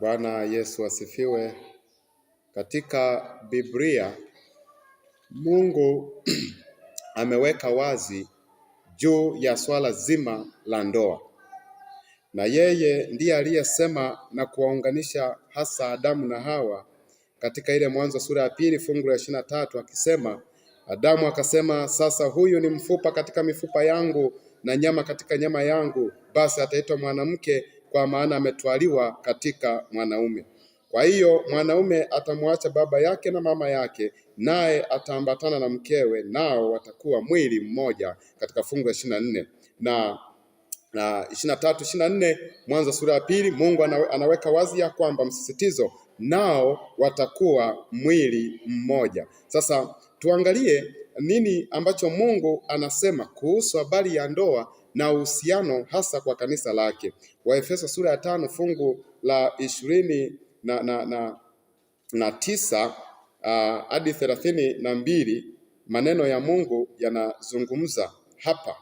Bwana Yesu asifiwe. Katika Biblia Mungu ameweka wazi juu ya swala zima la ndoa, na yeye ndiye aliyesema na kuwaunganisha hasa Adamu na Hawa katika ile Mwanzo sura ya pili fungu la ishirini na tatu akisema, Adamu akasema, sasa huyu ni mfupa katika mifupa yangu na nyama katika nyama yangu, basi ataitwa mwanamke kwa maana ametwaliwa katika mwanaume. Kwa hiyo mwanaume atamwacha baba yake na mama yake, naye ataambatana na mkewe, nao watakuwa mwili mmoja, katika fungu la ishirini na nne na na ishirini na tatu ishirini na nne Mwanzo sura ya pili. Mungu anaweka wazi ya kwamba msisitizo, nao watakuwa mwili mmoja. Sasa tuangalie nini ambacho Mungu anasema kuhusu habari ya ndoa na uhusiano hasa kwa kanisa lake. Waefeso sura ya tano fungu la ishirini na, na, na, na tisa ah, hadi uh, thelathini na mbili maneno ya Mungu yanazungumza hapa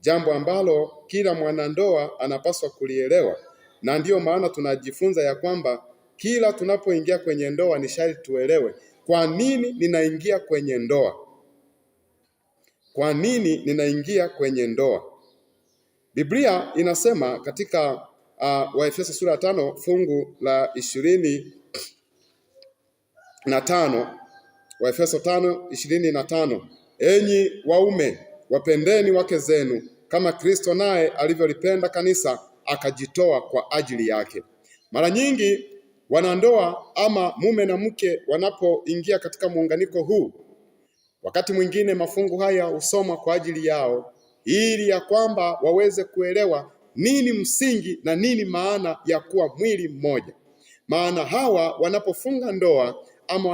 jambo ambalo kila mwanandoa anapaswa kulielewa, na ndiyo maana tunajifunza ya kwamba kila tunapoingia kwenye ndoa ni sharti tuelewe kwa nini ninaingia kwenye ndoa. Kwa nini ninaingia kwenye ndoa? Biblia inasema katika uh, Waefeso sura ya tano fungu la ishirini na tano Waefeso tano ishirini na tano enyi waume wapendeni wake zenu kama Kristo naye alivyolipenda kanisa akajitoa kwa ajili yake. Mara nyingi wanandoa ama mume na mke wanapoingia katika muunganiko huu, wakati mwingine mafungu haya husomwa kwa ajili yao ili ya kwamba waweze kuelewa nini msingi na nini maana ya kuwa mwili mmoja. Maana hawa wanapofunga ndoa ama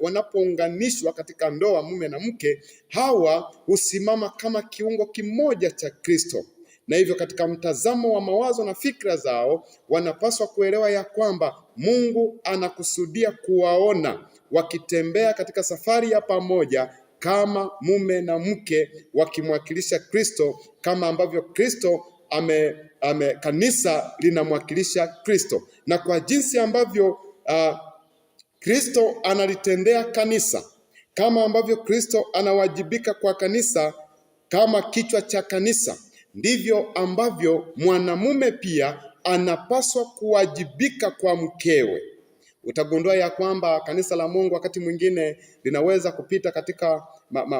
wanapounganishwa katika ndoa mume na mke, hawa husimama kama kiungo kimoja cha Kristo. Na hivyo katika mtazamo wa mawazo na fikra zao, wanapaswa kuelewa ya kwamba Mungu anakusudia kuwaona wakitembea katika safari ya pamoja kama mume na mke wakimwakilisha Kristo kama ambavyo Kristo ame, ame kanisa linamwakilisha Kristo na kwa jinsi ambavyo uh, Kristo analitendea kanisa kama ambavyo Kristo anawajibika kwa kanisa kama kichwa cha kanisa, ndivyo ambavyo mwanamume pia anapaswa kuwajibika kwa mkewe utagundua ya kwamba kanisa la Mungu wakati mwingine linaweza kupita katika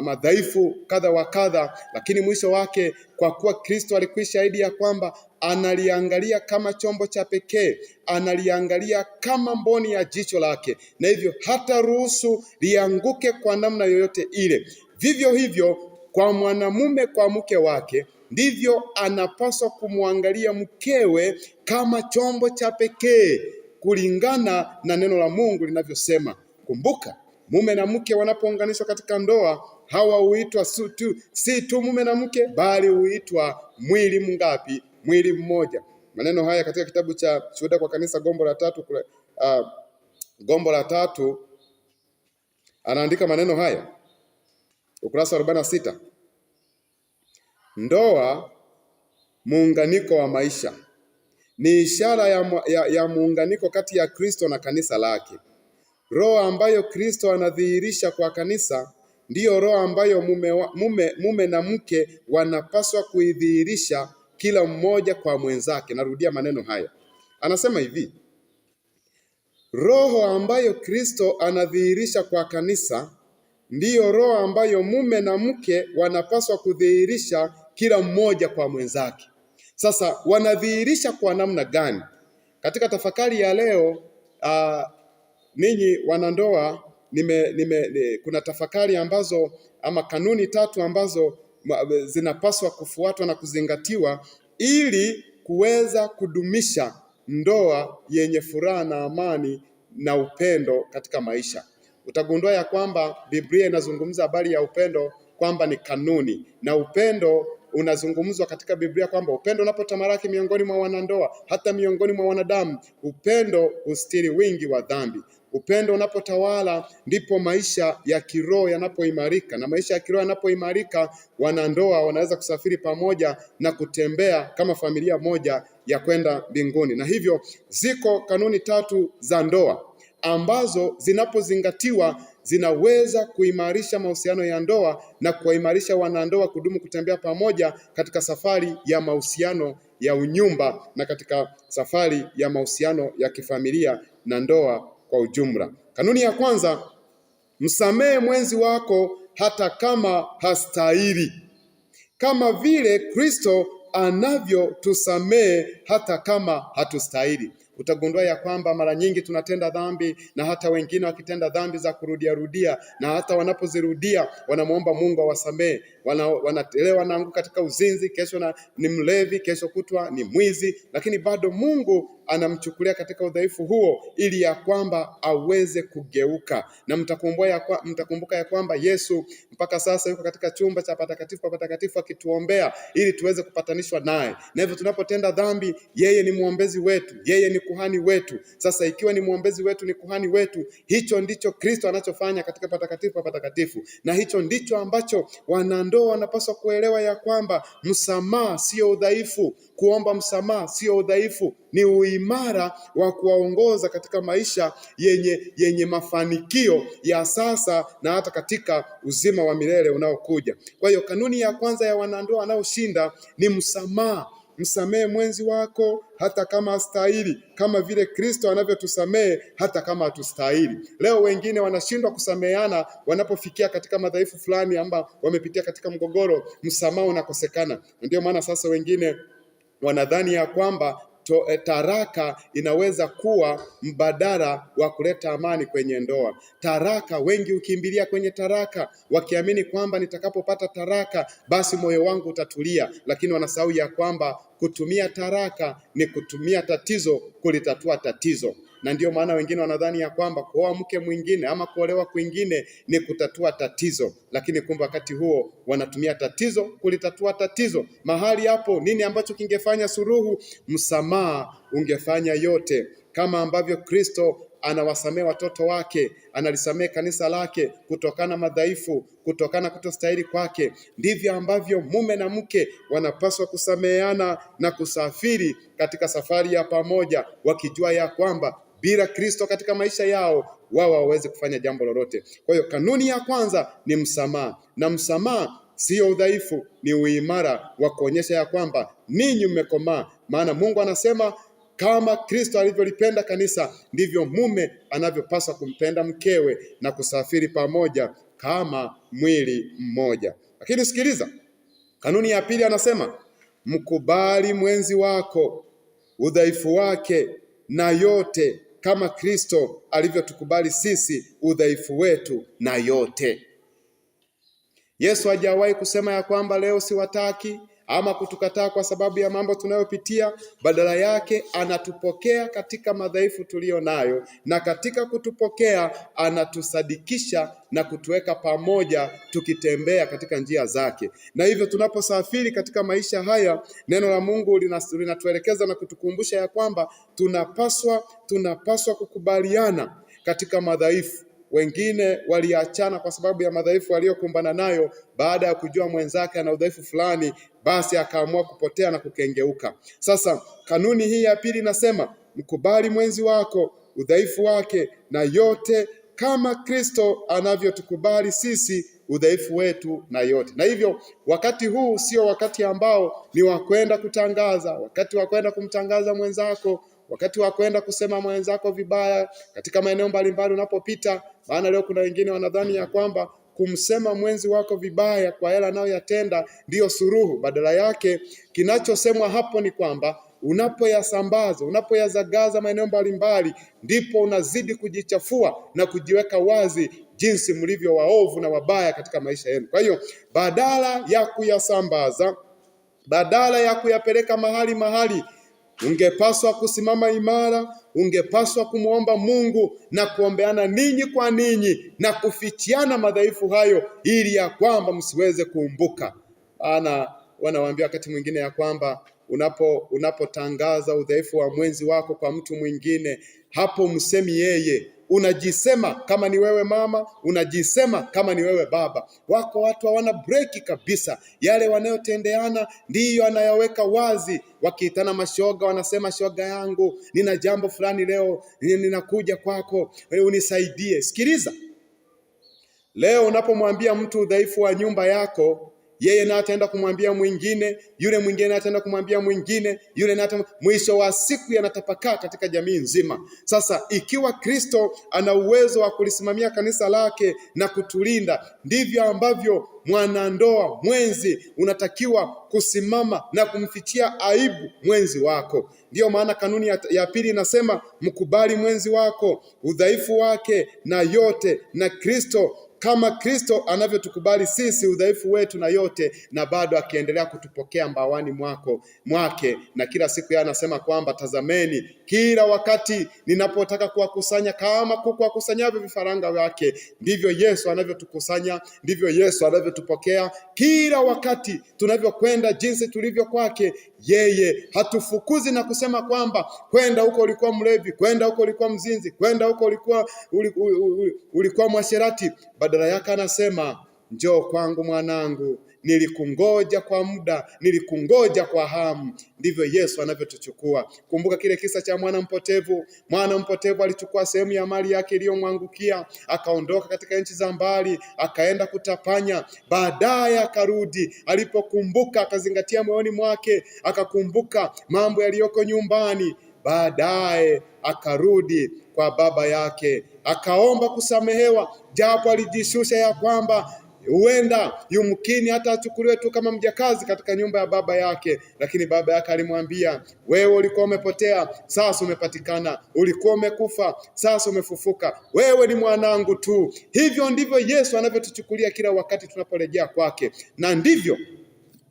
madhaifu ma, ma kadha wa kadha, lakini mwisho wake, kwa kuwa Kristo alikwisha ahidi ya kwamba analiangalia kama chombo cha pekee, analiangalia kama mboni ya jicho lake, na hivyo hata ruhusu lianguke kwa namna yoyote ile. Vivyo hivyo kwa mwanamume kwa mke wake ndivyo anapaswa kumwangalia mkewe kama chombo cha pekee kulingana na neno la Mungu linavyosema. Kumbuka, mume na mke wanapounganishwa katika ndoa hawa huitwa si tu mume na mke, bali huitwa mwili mngapi? Mwili mmoja. Maneno haya katika kitabu cha Shuhuda kwa Kanisa, gombo la tatu kule, uh, gombo la tatu anaandika maneno haya ukurasa arobaini na sita. Ndoa muunganiko wa maisha ni ishara ya, ya, ya muunganiko kati ya Kristo na kanisa lake. Roho ambayo Kristo anadhihirisha kwa kanisa ndiyo roho ambayo mume, wa, mume, mume na mke wanapaswa kuidhihirisha kila mmoja kwa mwenzake. Narudia maneno haya, anasema hivi: roho ambayo Kristo anadhihirisha kwa kanisa ndiyo roho ambayo mume na mke wanapaswa kudhihirisha kila mmoja kwa mwenzake. Sasa wanadhihirisha kwa namna gani? Katika tafakari ya leo uh, ninyi wanandoa nime, nime, ne, kuna tafakari ambazo ama kanuni tatu ambazo zinapaswa kufuatwa na kuzingatiwa ili kuweza kudumisha ndoa yenye furaha na amani na upendo katika maisha. Utagundua ya kwamba Biblia inazungumza habari ya upendo kwamba ni kanuni na upendo unazungumzwa katika Biblia kwamba upendo unapotamalaki miongoni mwa wanandoa, hata miongoni mwa wanadamu, upendo hustiri wingi wa dhambi. Upendo unapotawala ndipo maisha ya kiroho yanapoimarika, na maisha ya kiroho yanapoimarika, wanandoa wanaweza kusafiri pamoja na kutembea kama familia moja ya kwenda mbinguni. Na hivyo ziko kanuni tatu za ndoa ambazo zinapozingatiwa zinaweza kuimarisha mahusiano ya ndoa na kuwaimarisha wanandoa kudumu kutembea pamoja katika safari ya mahusiano ya unyumba na katika safari ya mahusiano ya kifamilia na ndoa kwa ujumla. Kanuni ya kwanza, msamehe mwenzi wako hata kama hastahili, kama vile Kristo anavyotusamehe hata kama hatustahili utagundua ya kwamba mara nyingi tunatenda dhambi, na hata wengine wakitenda dhambi za kurudia rudia na hata wanapozirudia wanamwomba Mungu awasamee. Wanatelewa, wanaanguka katika uzinzi, kesho na ni mlevi, kesho kutwa ni mwizi, lakini bado Mungu anamchukulia katika udhaifu huo, ili ya kwamba aweze kugeuka. Na mtakumbuka ya, kwa, mtakumbuka ya kwamba Yesu mpaka sasa yuko katika chumba cha patakatifu pa patakatifu akituombea ili tuweze kupatanishwa naye, na hivyo tunapotenda dhambi, yeye ni mwombezi wetu, yeye ni kuhani wetu. Sasa ikiwa ni mwombezi wetu, ni kuhani wetu, hicho ndicho Kristo anachofanya katika patakatifu pa patakatifu, na hicho ndicho ambacho wanandoa wanapaswa kuelewa ya kwamba msamaha sio udhaifu, kuomba msamaha sio udhaifu, ni ui imara wa kuwaongoza katika maisha yenye, yenye mafanikio ya sasa na hata katika uzima wa milele unaokuja. Kwa hiyo kanuni ya kwanza ya wanandoa wanaoshinda ni msamaha. Msamehe mwenzi wako hata kama astahili, kama vile Kristo anavyotusamehe hata kama hatustahili. Leo wengine wanashindwa kusameheana wanapofikia katika madhaifu fulani amba wamepitia katika mgogoro, msamaha unakosekana. Ndio maana sasa wengine wanadhani ya kwamba to, eh, taraka inaweza kuwa mbadala wa kuleta amani kwenye ndoa. Taraka, wengi ukimbilia kwenye taraka wakiamini kwamba nitakapopata taraka basi moyo wangu utatulia, lakini wanasahau ya kwamba kutumia taraka ni kutumia tatizo kulitatua tatizo na ndio maana wengine wanadhani ya kwamba kuoa mke mwingine ama kuolewa kwingine ni kutatua tatizo, lakini kumbe wakati huo wanatumia tatizo kulitatua tatizo. Mahali hapo nini ambacho kingefanya suruhu? Msamaha ungefanya yote, kama ambavyo Kristo anawasamehe watoto wake, analisamehe kanisa lake kutokana madhaifu, kutokana kutostahili kwake. Ndivyo ambavyo mume na mke wanapaswa kusameheana na kusafiri katika safari ya pamoja, wakijua ya kwamba bila Kristo katika maisha yao, wao hawawezi kufanya jambo lolote. Kwa hiyo kanuni ya kwanza ni msamaha, na msamaha siyo udhaifu, ni uimara wa kuonyesha ya kwamba ninyi mmekomaa, maana Mungu anasema kama Kristo alivyolipenda kanisa, ndivyo mume anavyopaswa kumpenda mkewe na kusafiri pamoja kama mwili mmoja. Lakini sikiliza, kanuni ya pili anasema, mkubali mwenzi wako udhaifu wake na yote kama Kristo alivyotukubali sisi udhaifu wetu na yote. Yesu hajawahi kusema ya kwamba leo siwataki, ama kutukataa kwa sababu ya mambo tunayopitia. Badala yake anatupokea katika madhaifu tuliyo nayo, na katika kutupokea anatusadikisha na kutuweka pamoja, tukitembea katika njia zake. Na hivyo tunaposafiri katika maisha haya, neno la Mungu linatuelekeza na kutukumbusha ya kwamba tunapaswa tunapaswa kukubaliana katika madhaifu wengine waliachana kwa sababu ya madhaifu aliyokumbana nayo. Baada ya kujua mwenzake ana udhaifu fulani, basi akaamua kupotea na kukengeuka. Sasa kanuni hii ya pili inasema mkubali mwenzi wako udhaifu wake na yote, kama Kristo anavyotukubali sisi udhaifu wetu na yote. Na hivyo wakati huu sio wakati ambao ni wa kwenda kutangaza, wakati wa kwenda kumtangaza mwenzako wakati wa kwenda kusema mwenzako vibaya katika maeneo mbalimbali unapopita. Maana leo kuna wengine wanadhani ya kwamba kumsema mwenzi wako vibaya kwa yale anayoyatenda ndiyo suruhu. Badala yake kinachosemwa hapo ni kwamba unapoyasambaza unapoyazagaza maeneo mbalimbali, ndipo unazidi kujichafua na kujiweka wazi jinsi mlivyo waovu na wabaya katika maisha yenu. Kwa hiyo badala ya kuyasambaza, badala ya kuyapeleka mahali mahali Ungepaswa kusimama imara, ungepaswa kumwomba Mungu na kuombeana ninyi kwa ninyi na kufichiana madhaifu hayo, ili ya kwamba msiweze kuumbuka. Ana wanawaambia wakati mwingine ya kwamba unapo unapotangaza udhaifu wa mwenzi wako kwa mtu mwingine, hapo msemi yeye unajisema kama ni wewe mama, unajisema kama ni wewe baba. Wako watu hawana breki kabisa, yale wanayotendeana ndiyo anayoweka wazi. Wakiitana mashoga, wanasema shoga yangu, nina jambo fulani leo, ninakuja kwako, unisaidie. Sikiliza, leo unapomwambia mtu udhaifu wa nyumba yako yeye naye ataenda kumwambia mwingine, yule mwingine ataenda kumwambia mwingine, yule naye, mwisho wa siku yanatapakaa katika jamii nzima. Sasa ikiwa Kristo ana uwezo wa kulisimamia kanisa lake na kutulinda, ndivyo ambavyo mwanandoa mwenzi unatakiwa kusimama na kumfichia aibu mwenzi wako. Ndiyo maana kanuni ya, ya pili inasema mkubali mwenzi wako udhaifu wake na yote, na Kristo kama Kristo anavyotukubali sisi udhaifu wetu na yote, na bado akiendelea kutupokea mbawani mwako mwake. Na kila siku yeye anasema kwamba tazameni, kila wakati ninapotaka kuwakusanya kama kuku akusanyavyo vifaranga wake, ndivyo Yesu anavyotukusanya, ndivyo Yesu anavyotupokea kila wakati tunavyokwenda, jinsi tulivyo kwake yeye. Hatufukuzi na kusema kwamba kwenda huko ulikuwa mlevi, kwenda huko ulikuwa mzinzi, kwenda huko ulikuwa ulikuwa mwasherati badala yake anasema njoo kwangu mwanangu, nilikungoja kwa muda, nilikungoja kwa hamu. Ndivyo Yesu anavyotuchukua. Kumbuka kile kisa cha mwana mpotevu. Mwana mpotevu alichukua sehemu ya mali yake iliyomwangukia, akaondoka katika nchi za mbali, akaenda kutapanya. Baadaye akarudi, alipokumbuka akazingatia moyoni mwake, akakumbuka mambo yaliyoko nyumbani. Baadaye akarudi kwa baba yake akaomba kusamehewa, japo alijishusha ya kwamba huenda yumkini hata achukuliwe tu kama mjakazi katika nyumba ya baba yake. Lakini baba yake alimwambia, wewe ulikuwa umepotea, sasa umepatikana, ulikuwa umekufa, sasa umefufuka, wewe ni mwanangu tu. Hivyo ndivyo Yesu anavyotuchukulia kila wakati tunaporejea kwake, na ndivyo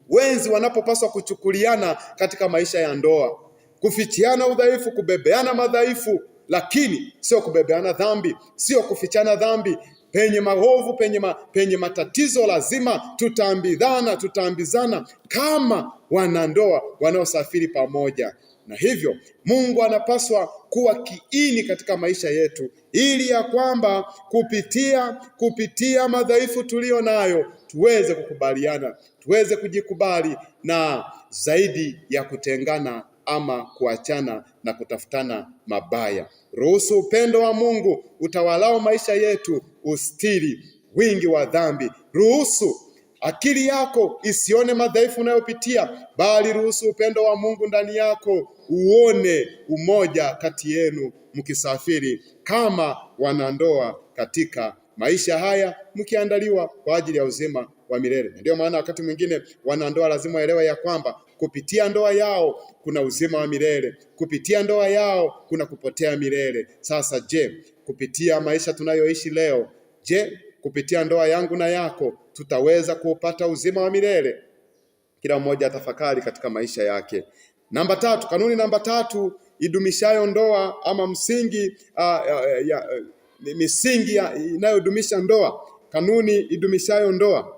wenzi wanapopaswa kuchukuliana katika maisha ya ndoa, kufichiana udhaifu, kubebeana madhaifu lakini sio kubebeana dhambi, sio kufichana dhambi. Penye maovu, penye, ma, penye matatizo, lazima tutaambidhana, tutaambizana kama wanandoa wanaosafiri pamoja. Na hivyo Mungu anapaswa kuwa kiini katika maisha yetu, ili ya kwamba kupitia kupitia madhaifu tuliyo nayo tuweze kukubaliana, tuweze kujikubali na zaidi ya kutengana ama kuachana na kutafutana mabaya. Ruhusu upendo wa Mungu utawalao maisha yetu ustiri wingi wa dhambi. Ruhusu akili yako isione madhaifu unayopitia, bali ruhusu upendo wa Mungu ndani yako uone umoja kati yenu, mkisafiri kama wanandoa katika maisha haya, mkiandaliwa kwa ajili ya uzima wa milele. Ndio maana wakati mwingine wanandoa lazima waelewe ya kwamba Kupitia ndoa yao kuna uzima wa milele, kupitia ndoa yao kuna kupotea milele. Sasa je, kupitia maisha tunayoishi leo, je, kupitia ndoa yangu na yako tutaweza kuupata uzima wa milele? Kila mmoja atafakari katika maisha yake. Namba tatu, kanuni namba tatu idumishayo ndoa ama msingi uh, uh, uh, uh, misingi inayodumisha ndoa, kanuni idumishayo ndoa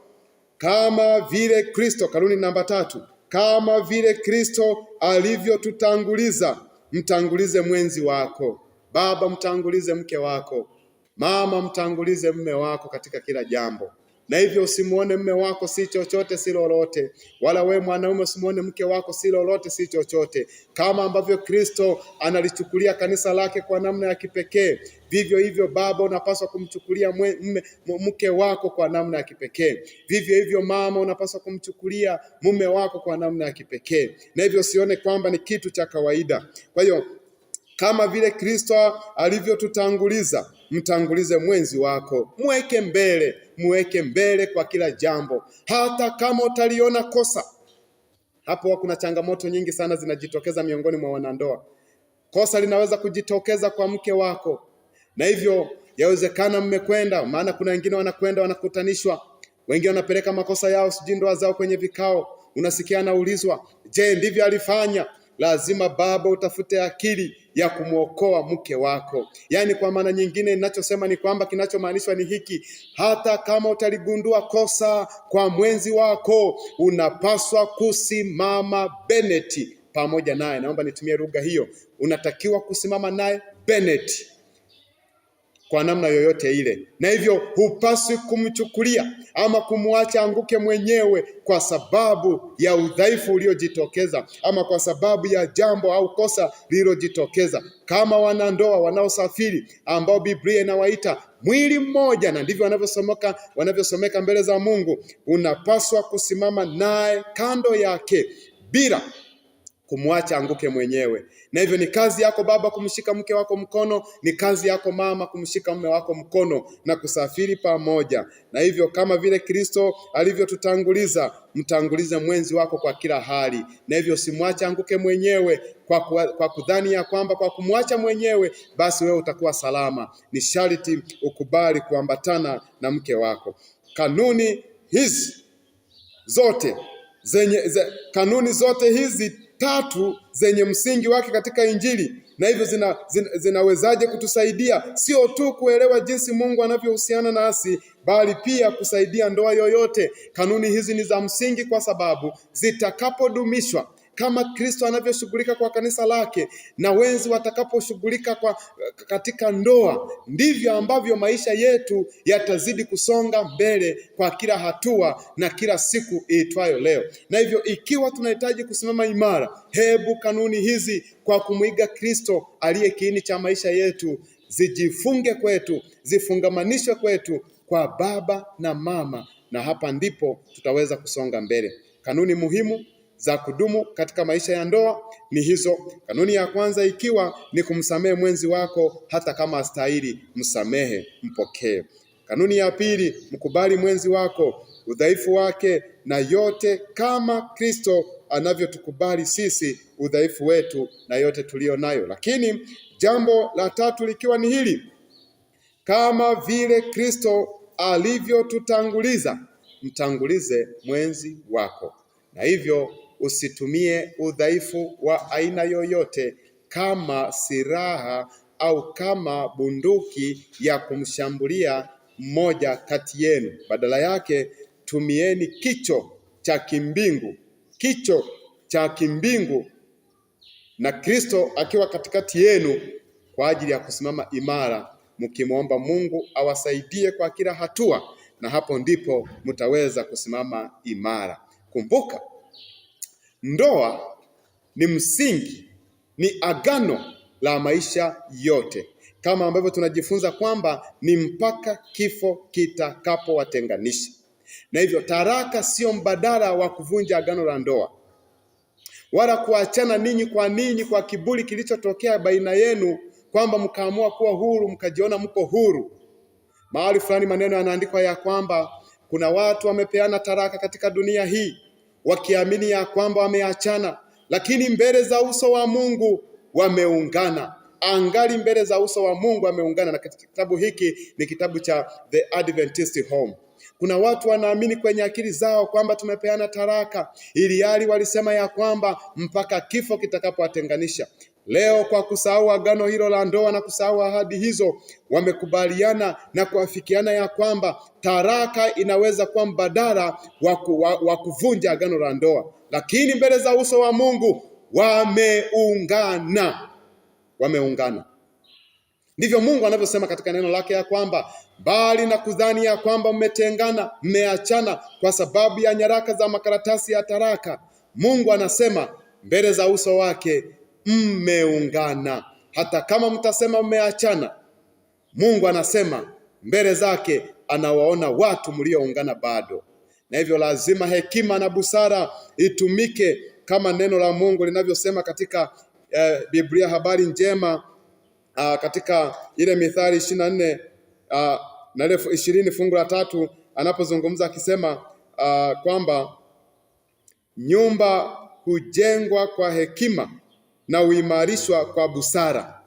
kama vile Kristo. Kanuni namba tatu kama vile Kristo alivyotutanguliza, mtangulize mwenzi wako. Baba, mtangulize mke wako. Mama, mtangulize mume wako katika kila jambo na hivyo usimuone mme wako si chochote si lolote, wala we mwanaume usimuone mke wako si lolote si chochote. Kama ambavyo Kristo analichukulia kanisa lake kwa namna ya kipekee, vivyo hivyo baba unapaswa kumchukulia mme, mke wako kwa namna ya kipekee. Vivyo hivyo mama unapaswa kumchukulia mume wako kwa namna ya kipekee, na hivyo usione kwamba ni kitu cha kawaida. Kwa hiyo kama vile Kristo alivyotutanguliza, mtangulize mwenzi wako, mweke mbele, mweke mbele kwa kila jambo, hata kama utaliona kosa. Hapo kuna changamoto nyingi sana zinajitokeza miongoni mwa wanandoa. Kosa linaweza kujitokeza kwa mke wako, na hivyo yawezekana mmekwenda, maana kuna wengine wanakwenda wanakutanishwa, wengine wanapeleka makosa yao, sijui ndoa zao kwenye vikao, unasikia anaulizwa, je, ndivyo alifanya? lazima baba utafute akili ya kumwokoa mke wako. Yaani, kwa maana nyingine, ninachosema ni kwamba kinachomaanishwa ni hiki: hata kama utaligundua kosa kwa mwenzi wako, unapaswa kusimama Bennett pamoja naye. Naomba nitumie lugha hiyo, unatakiwa kusimama naye Bennett kwa namna yoyote ile, na hivyo hupaswi kumchukulia ama kumwacha anguke mwenyewe kwa sababu ya udhaifu uliojitokeza ama kwa sababu ya jambo au kosa lililojitokeza, kama wanandoa wanaosafiri ambao Biblia inawaita mwili mmoja, na ndivyo wanavyosomeka wanavyosomeka mbele za Mungu. Unapaswa kusimama naye kando yake bila kumwacha anguke mwenyewe. Na hivyo ni kazi yako baba kumshika mke wako mkono, ni kazi yako mama kumshika mume wako mkono na kusafiri pamoja. Na hivyo kama vile Kristo alivyotutanguliza, mtangulize mwenzi wako kwa kila hali. Na hivyo simwache anguke mwenyewe kwa, kwa, kwa kudhani ya kwamba kwa kumwacha mwenyewe basi wewe utakuwa salama. Ni sharti ukubali kuambatana na mke wako. Kanuni hizi zote zenye, ze, kanuni zote hizi tatu zenye msingi wake katika Injili na hivyo zina, zina, zinawezaje kutusaidia sio tu kuelewa jinsi Mungu anavyohusiana nasi, bali pia kusaidia ndoa yoyote. Kanuni hizi ni za msingi kwa sababu zitakapodumishwa kama Kristo anavyoshughulika kwa kanisa lake, na wenzi watakaposhughulika kwa katika ndoa, ndivyo ambavyo maisha yetu yatazidi kusonga mbele kwa kila hatua na kila siku iitwayo leo. Na hivyo ikiwa tunahitaji kusimama imara, hebu kanuni hizi kwa kumwiga Kristo aliye kiini cha maisha yetu zijifunge kwetu, zifungamanishwe kwetu kwa baba na mama, na hapa ndipo tutaweza kusonga mbele. Kanuni muhimu za kudumu katika maisha ya ndoa ni hizo. Kanuni ya kwanza ikiwa ni kumsamehe mwenzi wako hata kama astahili, msamehe, mpokee. Kanuni ya pili, mkubali mwenzi wako udhaifu wake na yote, kama Kristo anavyotukubali sisi udhaifu wetu na yote tuliyo nayo. Lakini jambo la tatu likiwa ni hili, kama vile Kristo alivyotutanguliza, mtangulize mwenzi wako, na hivyo usitumie udhaifu wa aina yoyote kama silaha au kama bunduki ya kumshambulia mmoja kati yenu. Badala yake tumieni kicho cha kimbingu, kicho cha kimbingu na Kristo akiwa katikati yenu kwa ajili ya kusimama imara, mkimwomba Mungu awasaidie kwa kila hatua, na hapo ndipo mtaweza kusimama imara. Kumbuka Ndoa ni msingi, ni agano la maisha yote, kama ambavyo tunajifunza kwamba ni mpaka kifo kitakapowatenganisha. Na hivyo taraka sio mbadala wa kuvunja agano la ndoa wala kuachana ninyi kwa ninyi kwa kiburi kilichotokea baina yenu, kwamba mkaamua kuwa huru, mkajiona mko huru. Mahali fulani maneno yanaandikwa ya kwamba kuna watu wamepeana taraka katika dunia hii wakiamini ya kwamba wameachana, lakini mbele za uso wa Mungu wameungana angali mbele za uso wa Mungu ameungana. Na kitabu hiki ni kitabu cha The Adventist Home. Kuna watu wanaamini kwenye akili zao kwamba tumepeana taraka, ili hali walisema ya kwamba mpaka kifo kitakapowatenganisha. Leo kwa kusahau agano hilo la ndoa na kusahau ahadi hizo, wamekubaliana na kuafikiana ya kwamba taraka inaweza kuwa mbadala wa kuvunja agano la ndoa, lakini mbele za uso wa Mungu wameungana, wameungana. Ndivyo Mungu anavyosema katika neno lake ya kwamba bali na kudhani ya kwamba mmetengana, mmeachana kwa sababu ya nyaraka za makaratasi ya taraka, Mungu anasema mbele za uso wake mmeungana. Hata kama mtasema mmeachana, Mungu anasema mbele zake anawaona watu mlioungana bado, na hivyo lazima hekima na busara itumike kama neno la Mungu linavyosema katika eh, Biblia habari njema ah, katika ile Mithali ishirini na nne ah, na ile ishirini fungu la tatu anapozungumza akisema ah, kwamba nyumba hujengwa kwa hekima na huimarishwa kwa busara.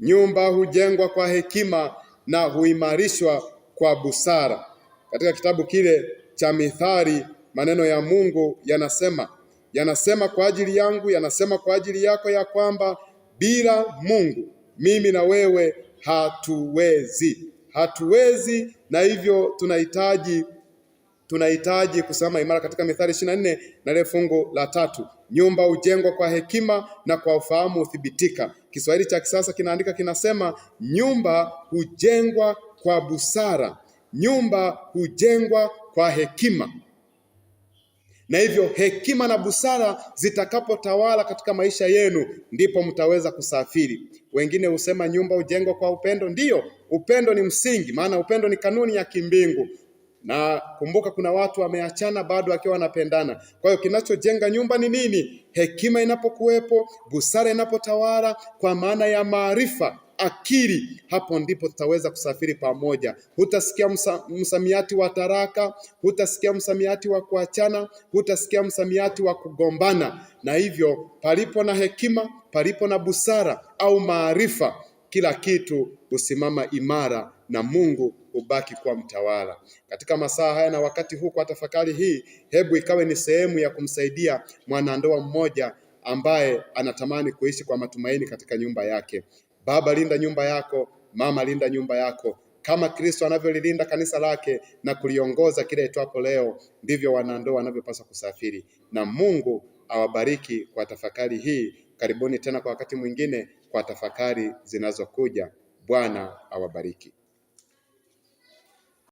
Nyumba hujengwa kwa hekima na huimarishwa kwa busara. Katika kitabu kile cha Mithali, maneno ya Mungu yanasema yanasema kwa ajili yangu, yanasema kwa ajili yako, ya kwamba bila Mungu mimi na wewe hatuwezi, hatuwezi. Na hivyo tunahitaji tunahitaji kusimama imara katika Mithali ishirini na nne na ile fungu la tatu nyumba hujengwa kwa hekima na kwa ufahamu huthibitika. Kiswahili cha kisasa kinaandika kinasema, nyumba hujengwa kwa busara, nyumba hujengwa kwa hekima. Na hivyo hekima na busara zitakapotawala katika maisha yenu, ndipo mtaweza kusafiri. Wengine husema nyumba hujengwa kwa upendo. Ndiyo, upendo ni msingi, maana upendo ni kanuni ya kimbingu na kumbuka, kuna watu wameachana bado wakiwa wanapendana. Kwa hiyo kinachojenga nyumba ni nini? Hekima inapokuwepo, busara inapotawala, kwa maana ya maarifa, akili, hapo ndipo tutaweza kusafiri pamoja. Hutasikia msa, msamiati wa taraka, hutasikia msamiati wa kuachana, hutasikia msamiati wa kugombana. Na hivyo palipo na hekima, palipo na busara au maarifa, kila kitu husimama imara na Mungu ubaki kuwa mtawala. Katika masaa haya na wakati huu, kwa tafakari hii, hebu ikawe ni sehemu ya kumsaidia mwanandoa mmoja ambaye anatamani kuishi kwa matumaini katika nyumba yake. Baba, linda nyumba yako. Mama, linda nyumba yako kama Kristo anavyolilinda kanisa lake na kuliongoza kila itwapo leo, ndivyo wanandoa wanavyopaswa kusafiri. Na Mungu awabariki kwa tafakari hii. Karibuni tena kwa wakati mwingine kwa tafakari zinazokuja. Bwana awabariki.